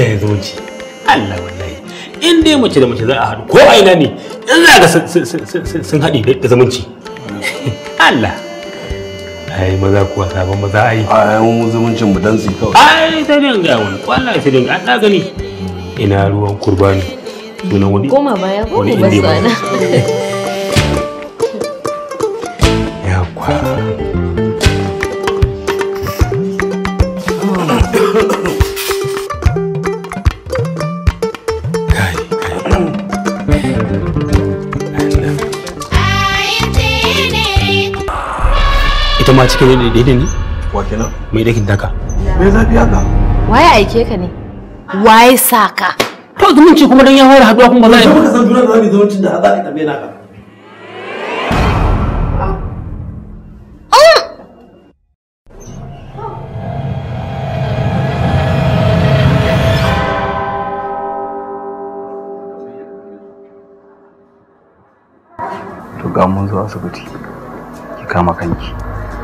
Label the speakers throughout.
Speaker 1: tafiya ya ji Allah wallahi in dai mace da mace za a haɗu ko a ina ne in za ga sun haɗi da zumunci Allah ai maza kuwa sabon maza ai ai mun zumuncin mu dan tsi kawai ai ta din ga wani wallahi ta din an da gani ina ruwan kurbani sunan wani koma baya ko ba sana ya kwa ma cikin ne daidai ne wa kenan mai dakin daka me zafi haka waye aike ka ne waye saka to zumunci kuma dan ya hore haduwa kuma wallahi ba ka san juna da zamu zumuncin da haza ka karbe naka to ga mun zo asibiti ki kama kanki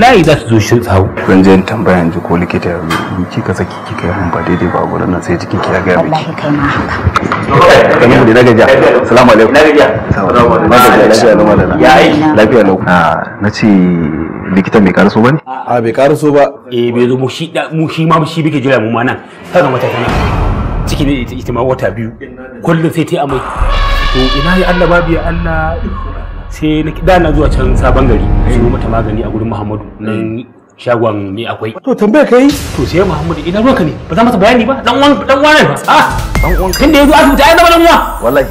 Speaker 1: layi za su zo shi tsawo Ban je tambaya in ko likita ya yi kika saki kika yi mun ba daidai ba gurin nan sai jikin ki ya ga miki kamar da daga ja assalamu alaikum na gaja assalamu alaikum lafiya lau malala ya aiki lafiya lau ah. na ce likita mai karaso ba ne a ah, bai karaso ba eh bai zo mu shi mu shi ma shi bike jira mu ma nan kaga mata tana. ciki ne ita ma wata biyu kullum sai ta amai to ina ya Allah babu ya Allah sai na kida na zuwa can sabon gari su mata magani a gurin Muhammadu nan mm. shagon ne akwai to tambaye kai to sai Muhammadu idan ruwanka ne ba za masa bayani ba dan wani dan wani a ah, dan wani kin da yazo asibiti ai zama dan uwa wallahi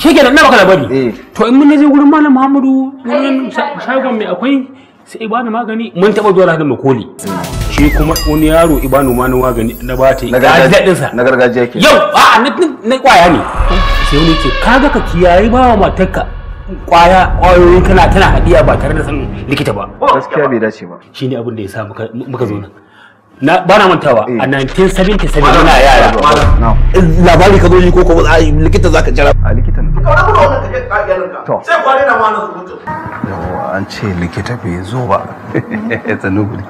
Speaker 1: shi ke nan na baka labari eh. to in mun je gurin malam Muhammadu gurin shagon mai akwai sai ibanu magani mun taba zuwa da makoli mm. shi kuma wani yaro ibanu ma na magani na ba ta daɗin sa na gargajiya ke yau a na kwaya ne sai wani ke kaga ka kiyaye ba wa matarka kwaya kwayoyi kana tana hadiya ba tare da sanin likita ba gaskiya bai dace ba shine abin da ya sa muka zo nan na ba na mantawa a 1977 eh. yana yara eh, labari ka zo yi ko ko likita zaka jira a likita ne ka rabu da wannan nan ka sai kwane na mana mutum yawa an ce likita bai zo ba tsanuguri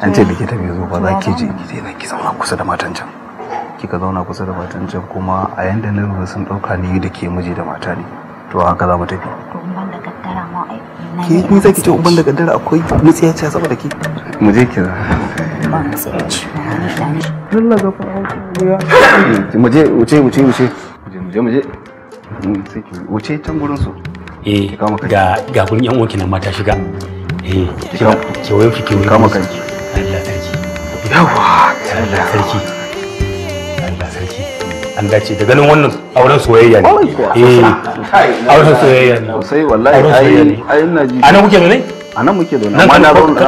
Speaker 1: an ce likita bai zo ba za ki je ki zai na ki zauna kusa da matan can kika zauna kusa da matan can kuma a yanda na rubuta sun dauka ni da ke miji da mata ne to haka za mu tafi ke ni zaki ce umban da gaddara akwai mutsiya ce saboda ke mu je ki za ga fa mu je wuce wuce wuce mu je mu je hmm, wuce can gurin su eh ga ga gurin yan uwanki nan ma ta shiga eh ki ki wayo ki ki kama kanki Allah sarki yawa Allah sarki an dace da ganin wannan auren soyayya ne eh auren soyayya ne sai wallahi ai ai ina ji anan kuke ne anan muke zaune amma na zauna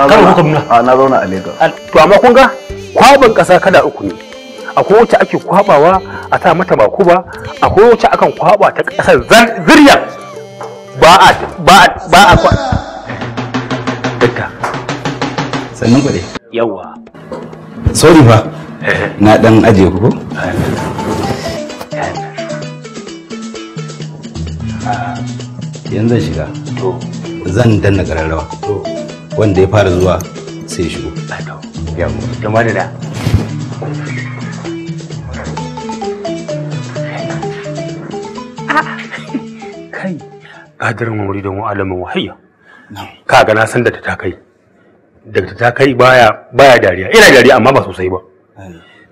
Speaker 1: a na zauna a Lagos to amma kun ga kwaban kasa kada uku ne akwai wacce ake kwabawa a ta mata makuba akwai wacce akan kwaba ta kasar zirya ba a ba a ba a kwa dukka sannan gode yawa sorry fa eh. na dan aje ku yanzu zan shiga zan danna gararrawa wanda ya fara zuwa sai shigo yawa da da kai kadirin mamuri don alamin wahayya ka ga na san da ta kai daga ta kai baya baya dariya ina dariya amma ba sosai ba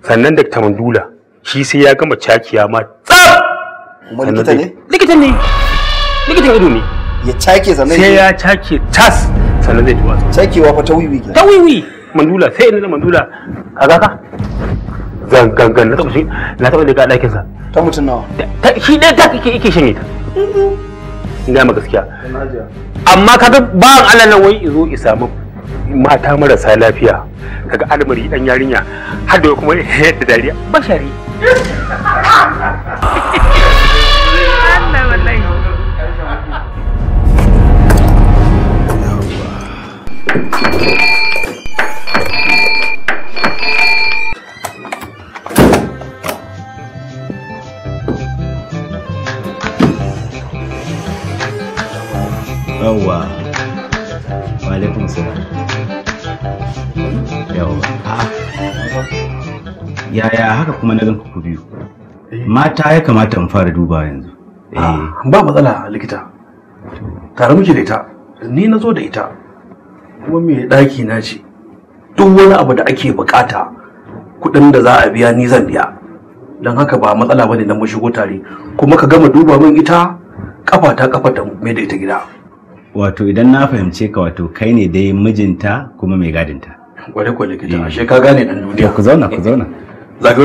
Speaker 1: sannan da mandula shi sai ya gama cakiya ma tsab likita ne likita ne likitan ido ne ya cake sannan sai ya cake tas sannan zai tuwa cakewa fa ta wiwi ke ta wiwi mandula sai ina mandula kaga ka zan gangan na taba na taba daga ɗakin sa ta mutun nawa shi dai ta kike yake shanye ta ina ma gaskiya amma kaga ba Allah nan wai izo i samu mata marasa lafiya kaga almari dan yarinya har kuma da dariya ba yawwa wa alaikum salam ah. yaya haka kuma na ganku ku biyu eh. mata ya kamata in fara duba yanzu ah, eh. ba matsala likita tare muke da ita ni na zo da ita kuma mai ɗaki na ce duk wani abu da ake bukata kuɗin da za a biya ni zan biya don haka ba matsala ba ne na mu shigo tare kuma ka gama duba min ita kafa ta kafa ta mai da ita gida wato idan na fahimce ka wato kai ne dai mijinta kuma mai gadinta gwada kwale kita eh. ashe ka gane dan duniya ku zauna ku zauna